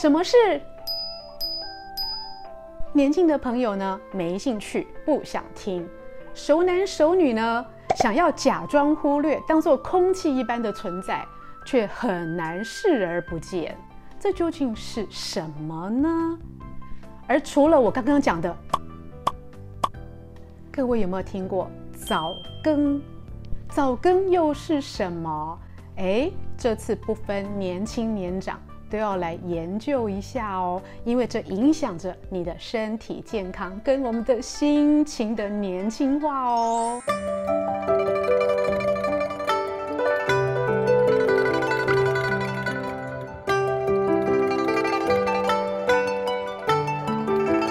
什麼是年輕的朋友呢？沒興趣，不想聽；熟男熟女呢，想要假裝忽略，當做空氣一般的存在，卻很難視而不見。這究竟是什麼呢？而除了我剛剛講的，各位有沒有聽過早更？早更又是什麼？誒，這次不分年輕年長。都要來研究一下哦，因為這影響着你的身體健康跟我們的心情的年輕化哦。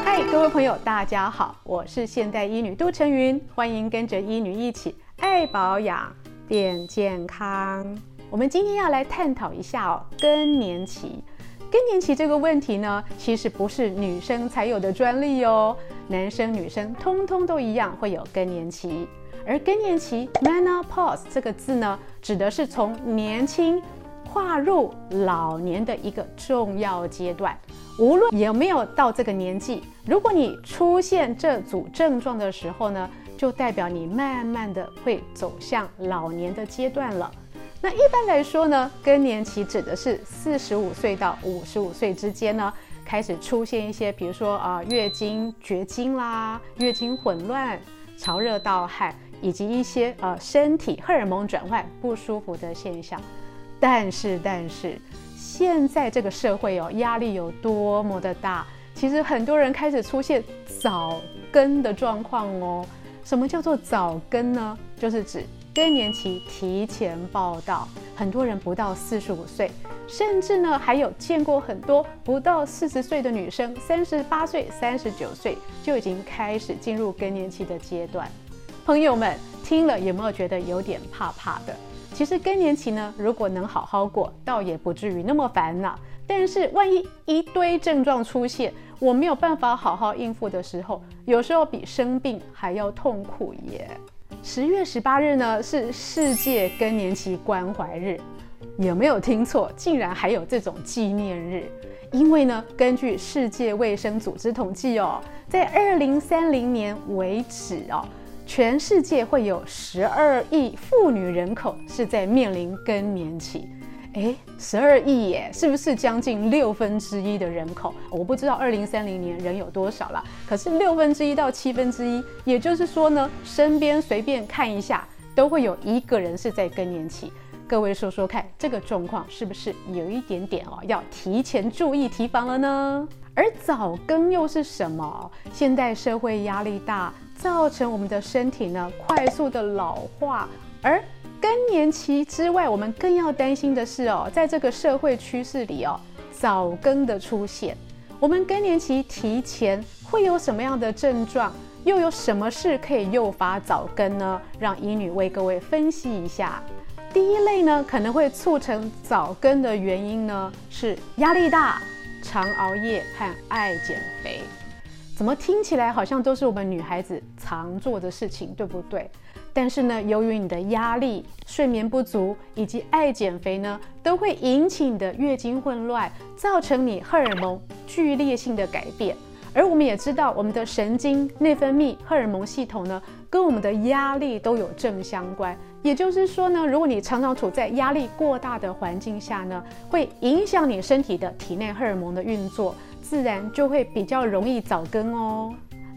嗨，各位朋友，大家好，我是現代醫女杜成雲，歡迎跟着醫女一起愛保養變健康。我們今天要來探討一下哦，更年期。更年期這個問題呢，其實不是女生才有的專利哦，男生女生通通都一樣會有更年期。而更年期，menopause 這個字呢，指的是從年輕跨入老年的一個重要階段。無論有沒有到這個年紀，如果你出現這組症狀的時候呢，就代表你慢慢的會走向老年的階段了。那一般來說呢，更年期指的是四十五歲到五十五歲之間呢，開始出現一些，比如說啊、呃，月經絕經啦，月經混亂，潮熱盜汗，以及一些呃身體荷爾蒙轉換不舒服的現象。但是但是，現在這個社會哦，壓力有多麼的大，其實很多人開始出現早更的狀況哦。什麼叫做早更呢？就是指。更年期提前報到，很多人不到四十五歲，甚至呢還有見過很多不到四十歲的女生，三十八歲、三十九歲就已經開始進入更年期的階段。朋友們聽了有沒有覺得有點怕怕的？其實更年期呢，如果能好好過，倒也不至於那麼煩惱。但是萬一一堆症狀出現，我沒有辦法好好應付的時候，有時候比生病還要痛苦耶。十月十八日呢，是世界更年期關懷日。有沒有聽錯？竟然還有這種紀念日？因為呢，根據世界衛生組織統計哦，在二零三零年為止哦，全世界會有十二億婦女人口是在面臨更年期。誒，十二億耶，是不是將近六分之一的人口？我不知道二零三零年人有多少了，可是六分之一到七分之一，7, 也就是說呢，身邊隨便看一下都會有一個人是在更年期。各位說說看，這個狀況是不是有一點點哦，要提前注意提防了呢？而早更又是什麼？現代社會壓力大，造成我們的身體呢，快速的老化，而更年期之外，我們更要擔心的是哦，在這個社會趨勢裡哦，早更的出現，我們更年期提前會有什麼樣的症狀？又有什麼事可以誘發早更呢？讓醫女為各位分析一下。第一類呢，可能會促成早更的原因呢，是壓力大、常熬夜和愛減肥。怎麼聽起來好像都是我們女孩子常做的事情，對不對？但是呢，由於你的壓力、睡眠不足以及愛減肥呢，都會引起你的月經混亂，造成你荷爾蒙劇烈性的改變。而我們也知道，我們的神經內分泌荷爾蒙系統呢，跟我們的壓力都有正相關。也就是說呢，如果你常常處在壓力過大的環境下呢，會影響你身體的體內荷爾蒙的運作。自然就會比較容易早更哦。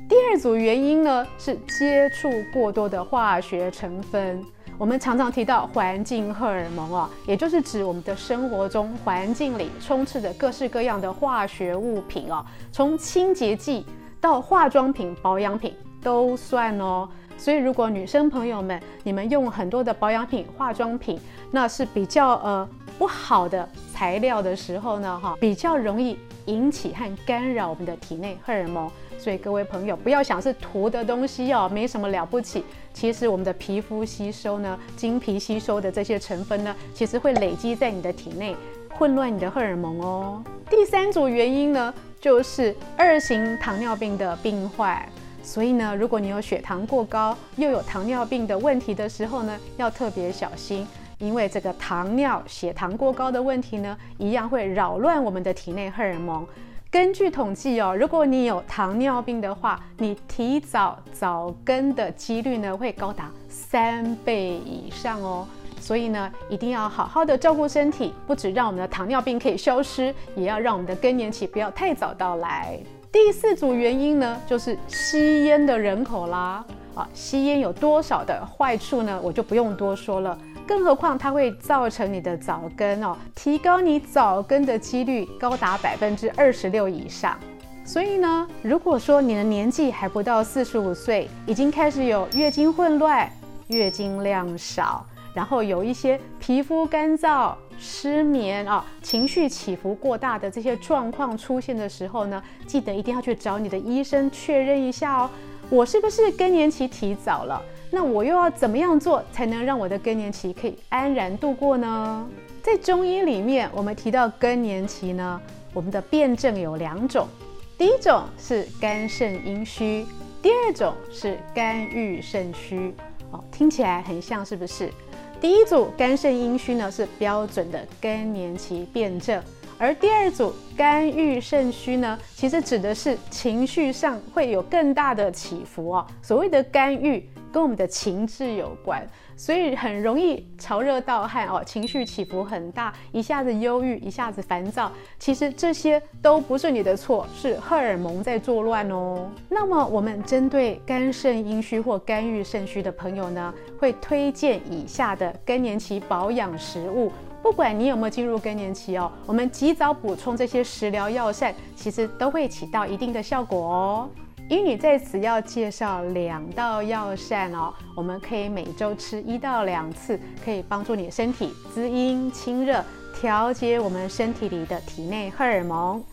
第二組原因呢，是接觸過多的化學成分。我們常常提到環境荷爾蒙啊、哦，也就是指我們的生活中環境裡充斥的各式各樣的化學物品啊、哦，從清潔劑到化妝品、保養品都算哦。所以如果女生朋友們你們用很多的保養品、化妝品，那是比較呃不好的材料的時候呢，哈，比較容易。引起和干擾我們的體內荷爾蒙，所以各位朋友不要想是塗的東西哦，沒什麼了不起。其實我們的皮膚吸收呢，經皮吸收的這些成分呢，其實會累積在你的體內，混亂你的荷爾蒙哦。第三組原因呢，就是二型糖尿病的病患，所以呢，如果你有血糖過高，又有糖尿病的問題的時候呢，要特別小心。因為這個糖尿血糖過高的問題呢，一樣會擾亂我們的體內荷爾蒙。根據統計哦，如果你有糖尿病的話，你提早早更的幾率呢，會高達三倍以上哦。所以呢，一定要好好的照顧身體，不止讓我們的糖尿病可以消失，也要讓我們的更年期不要太早到來。第四組原因呢，就是吸煙的人口啦。啊，吸煙有多少的壞處呢？我就不用多說了。更何況它會造成你的早更哦，提高你早更的幾率高達百分之二十六以上。所以呢，如果說你的年紀還不到四十五歲，已經開始有月經混亂、月經量少，然後有一些皮膚乾燥、失眠啊、哦、情緒起伏過大的這些狀況出現的時候呢，記得一定要去找你的醫生確認一下哦，我是不是更年期提早了？那我又要怎麼樣做才能讓我的更年期可以安然度過呢？在中醫裡面，我們提到更年期呢，我們的辨證有兩種，第一種是肝腎陰虛，第二種是肝鬱腎虛。哦，聽起來很像，是不是？第一組肝腎陰虛呢，是標準的更年期辨證，而第二組肝鬱腎虛呢，其實指的是情緒上會有更大的起伏哦。所謂的肝鬱。跟我們的情志有關，所以很容易潮熱盜汗哦，情緒起伏很大，一下子憂鬱，一下子煩躁。其實這些都不是你的錯，是荷爾蒙在作亂哦。那麼我們針對肝腎陰虛或肝鬱腎虛的朋友呢，會推薦以下的更年期保養食物。不管你有沒有進入更年期哦，我們及早補充這些食療藥膳，其實都會起到一定的效果哦。醫女在此要介紹兩道藥膳哦，我們可以每周吃一到兩次，可以幫助你的身體滋陰清熱，調節我們身體裡的體內荷爾蒙。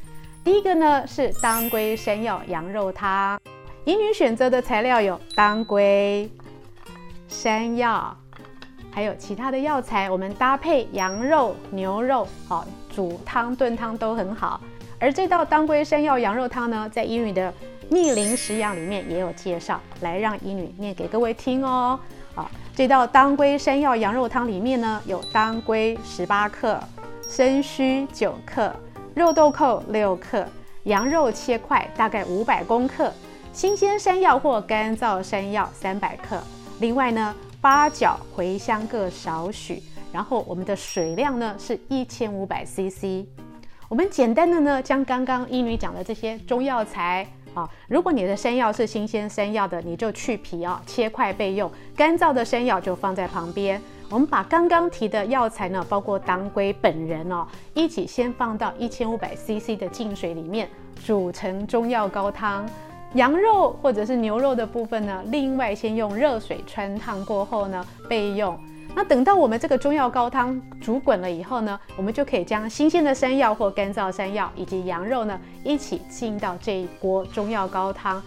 第一個呢是當歸山藥羊肉湯，醫女選擇的材料有當歸、山藥，還有其他的藥材，我們搭配羊肉、牛肉，哦，煮湯、燉湯都很好。而這道當歸山藥羊肉湯呢，在醫女的《逆齡食養》裡面也有介紹，來讓醫女念給各位聽哦。啊，這道當歸山藥羊肉湯裡面呢，有當歸十八克、生鬚九克、肉豆蔻六克、羊肉切塊大概五百公克、新鮮山藥或乾燥山藥三百克，另外呢，八角、茴香各少許，然後我們的水量呢是一千五百 CC。我們簡單的呢，將剛剛醫女講的這些中藥材啊、哦，如果你的山藥是新鮮山藥的，你就去皮啊、哦，切塊備用；乾燥的山藥就放在旁邊。我們把剛剛提的藥材呢，包括當歸、本人哦，一起先放到一千五百 CC 的淨水裡面煮成中藥高湯。羊肉或者是牛肉的部分呢，另外先用熱水汆燙過後呢，備用。那等到我們這個中藥高湯煮滾了以後呢，我們就可以將新鮮的山藥或乾燥山藥以及羊肉呢一起浸到這一鍋中藥高湯，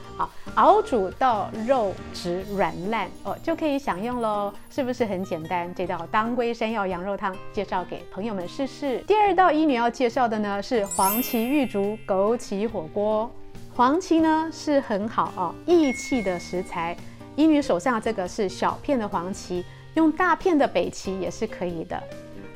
熬煮到肉質軟爛哦，就可以享用嘍。是不是很簡單？這道當歸山藥羊肉湯介紹給朋友們試試。第二道醫女要介紹的呢，是黃芪玉竹枸杞火鍋。黃芪呢，是很好哦益氣的食材。醫女手上這個是小片的黃芪。用大片的北芪也是可以的。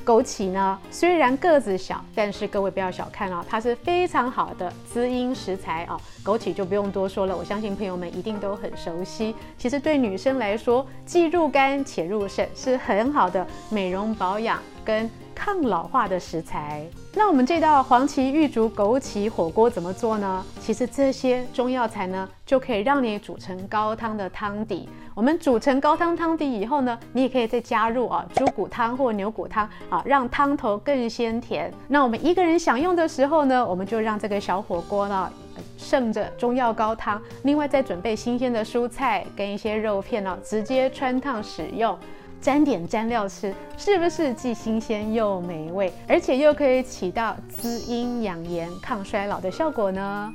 枸杞呢，雖然個子小，但是各位不要小看哦，它是非常好的滋陰食材哦。枸杞就不用多說了，我相信朋友們一定都很熟悉。其實對女生來說，既入肝且入腎，是很好的美容保養跟抗老化的食材，那我們這道黃芪、玉竹、枸杞火鍋怎麼做呢？其實這些中藥材呢，就可以讓你煮成高湯的湯底。我們煮成高湯湯底以後呢，你也可以再加入啊豬骨湯或牛骨湯啊，讓湯頭更鮮甜。那我們一個人享用的時候呢，我們就讓這個小火鍋呢盛著中藥高湯，另外再準備新鮮的蔬菜跟一些肉片呢直接川燙食用。沾點蘸料吃，是不是既新鮮又美味，而且又可以起到滋陰養顏、抗衰老的效果呢？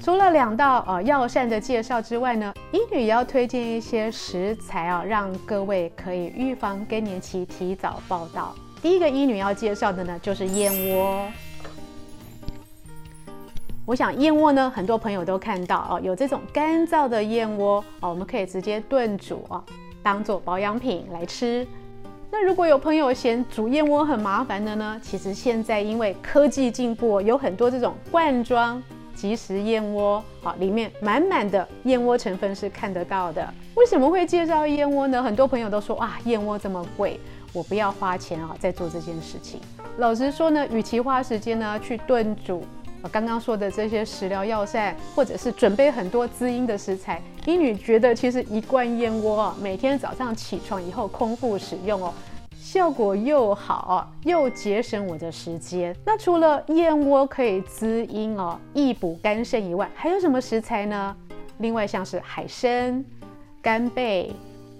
除了兩道呃、哦、藥膳的介紹之外呢，醫女也要推薦一些食材啊、哦，讓各位可以預防更年期提早報到。第一個醫女要介紹的呢，就是燕窩。我想燕窩呢，很多朋友都看到哦，有這種乾燥的燕窩哦，我們可以直接燉煮、哦當做保養品來吃。那如果有朋友嫌煮燕窩很麻煩的呢？其實現在因為科技進步，有很多這種罐裝即食燕窩，啊，裡面滿滿的燕窩成分是看得到的。為什麼會介紹燕窩呢？很多朋友都說哇，啊，燕窩這麼貴，我不要花錢啊，在做這件事情。老實說呢，與其花時間呢去燉煮。我剛剛說的這些食療藥膳，或者是準備很多滋陰的食材，醫女覺得其實一罐燕窩，每天早上起床以後空腹使用哦，效果又好又節省我的時間。那除了燕窩可以滋陰哦，益補肝腎以外，還有什麼食材呢？另外像是海參、干貝、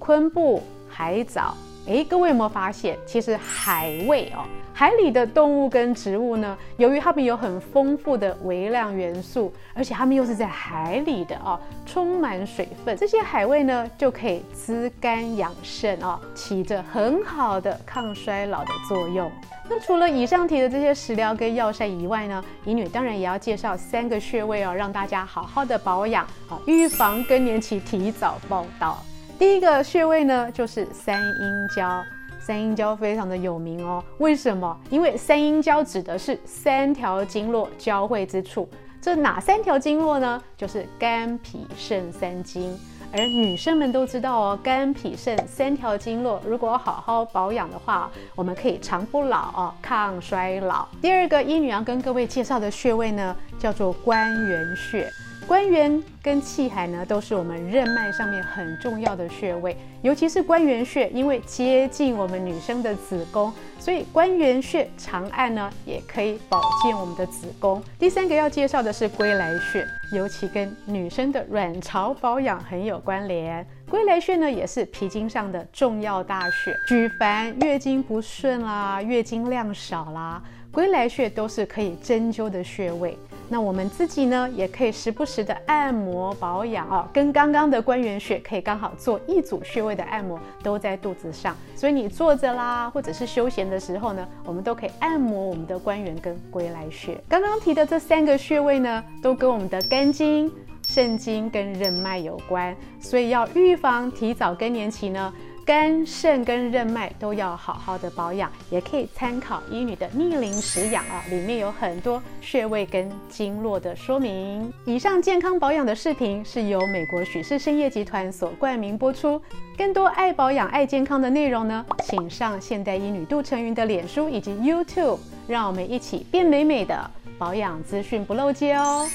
昆布、海藻。哎，各位有沒有發現，其實海味哦，海裡的動物跟植物呢，由於它們有很豐富的微量元素，而且它們又是在海裡的哦，充滿水分，這些海味呢就可以滋肝養腎哦，起着很好的抗衰老的作用。那除了以上提的這些食療跟藥膳以外呢，醫女當然也要介紹三個穴位哦，讓大家好好的保養啊，預防更年期提早報到。第一個穴位呢，就是三陰交。三陰交非常的有名哦。為什麼？因為三陰交指的是三條經絡交匯之處。這哪三條經絡呢？就是肝脾腎三經。而女生們都知道哦，肝脾腎三條經絡如果好好保養的話，我們可以長不老哦，抗衰老。第二個，醫女要跟各位介紹的穴位呢，叫做關元穴。關元跟氣海呢，都是我們任脈上面很重要的穴位，尤其是關元穴，因為接近我們女生的子宮，所以關元穴長按呢，也可以保健我們的子宮。第三個要介紹的是歸來穴，尤其跟女生的卵巢保養很有關聯。歸來穴呢，也是脾經上的重要大穴，舉凡月經不順啦、月經量少啦，歸來穴都是可以針灸的穴位。那我們自己呢，也可以時不時的按摩保養啊、哦，跟剛剛的關元穴可以剛好做一組穴位的按摩，都在肚子上。所以你坐着啦，或者是休閒的時候呢，我們都可以按摩我們的關元跟歸來穴。剛剛提的這三個穴位呢，都跟我們的肝經、腎經跟任脈有關，所以要預防提早更年期呢。肝、腎跟任脈都要好好的保養，也可以參考醫女的逆齡食養啊，裡面有很多穴位跟經絡的說明。以上健康保養的視頻是由美國許氏參業集團所冠名播出。更多愛保養、愛健康的內容呢，請上現代醫女杜成雲的臉書以及 YouTube，讓我們一起變美美的保養資訊不漏接哦。